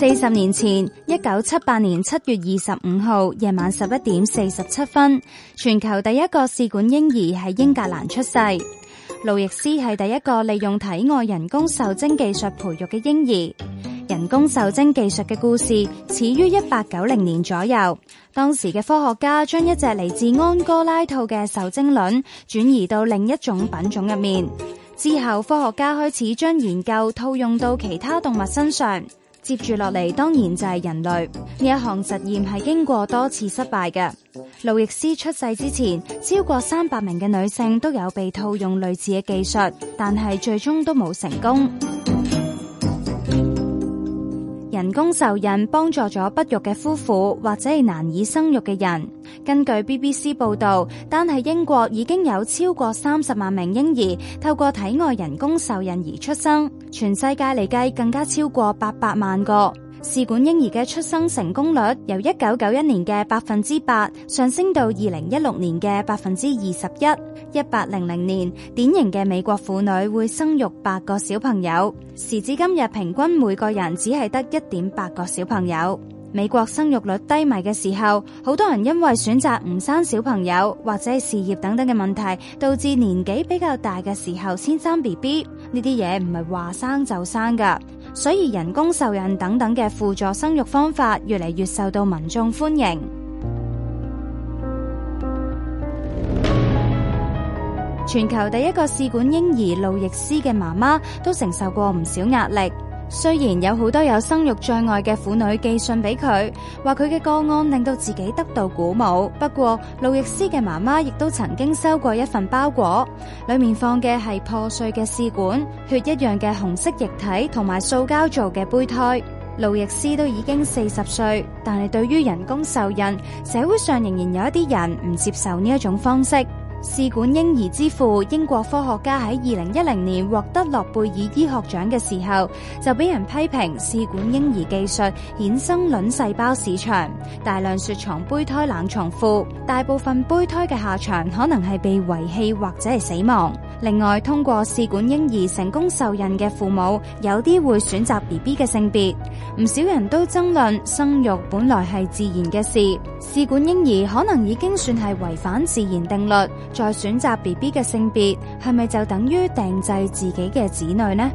四十年前，一九七八年七月二十五號夜晚十一點四十七分，全球第一個試管嬰兒喺英格蘭出世。路易斯係第一個利用體外人工受精技術培育嘅嬰兒。人工受精技術嘅故事始於一八九零年左右。當時嘅科學家將一隻嚟自安哥拉兔嘅受精卵轉移到另一種品種入面，之後科學家開始將研究套用到其他動物身上。接住落嚟，當然就係人類。呢一項實驗係經過多次失敗嘅。路易斯出世之前，超過三百名嘅女性都有被套用類似嘅技術，但係最終都冇成功。人工受孕幫助咗不育嘅夫婦或者係難以生育嘅人。根據 BBC 報導，單係英國已經有超過三十萬名嬰兒透過體外人工受孕而出生，全世界嚟計更加超過八百萬個。試管嬰兒嘅出生成功率由一九九一年嘅百分之八上升到二零一六年嘅百分之二十一。一八零零年典型嘅美國婦女會生育八個小朋友，時至今日平均每個人只係得一點八個小朋友。美國生育率低迷嘅時候，好多人因為選擇唔生小朋友或者事業等等嘅問題，導致年紀比較大嘅時候先生 B B。呢啲嘢唔係話生就生噶。所以人工受孕等等嘅輔助生育方法越嚟越受到民眾歡迎。全球第一個試管嬰兒路易斯嘅媽媽都承受過唔少壓力。雖然有好多有生育障礙嘅婦女寄信俾佢，話佢嘅個案令到自己得到鼓舞。不過路易斯嘅媽媽亦都曾經收過一份包裹，裏面放嘅係破碎嘅試管、血一樣嘅紅色液體同埋塑膠做嘅胚胎。路易斯都已經四十歲，但係對於人工受孕，社會上仍然有一啲人唔接受呢一種方式。試管嬰兒之父英國科學家喺二零一零年獲得諾貝爾醫學獎嘅時候，就俾人批評試管嬰兒技術衍生卵細胞市場，大量雪藏胚胎冷藏庫，大部分胚胎嘅下場可能係被遺棄或者係死亡。另外，通過試管嬰兒成功受孕嘅父母，有啲會選擇 BB 嘅性別。唔少人都爭論，生育本來係自然嘅事，試管嬰兒可能已經算係違反自然定律，再選擇 BB 嘅性別，係咪就等於定製自己嘅子女呢？